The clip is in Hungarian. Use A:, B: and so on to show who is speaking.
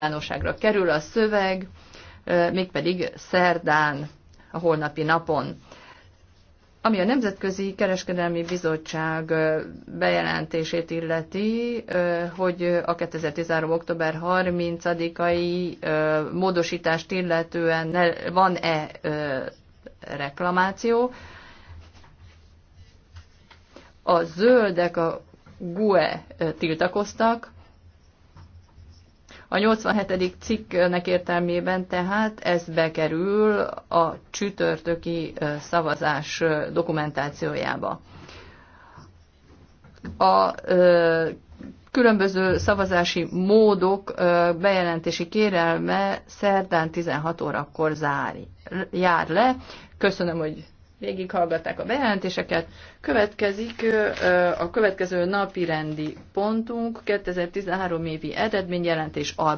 A: nyilvánosságra kerül a szöveg, mégpedig szerdán, a holnapi napon. Ami a Nemzetközi Kereskedelmi Bizottság bejelentését illeti, hogy a 2013. október 30-ai módosítást illetően van-e reklamáció, a zöldek, a GUE tiltakoztak, a 87. cikknek értelmében tehát ez bekerül a csütörtöki szavazás dokumentációjába. A különböző szavazási módok bejelentési kérelme szerdán 16 órakor zár, jár le. Köszönöm, hogy végighallgatták a bejelentéseket. Következik a következő napi rendi pontunk, 2013 évi eredményjelentés a.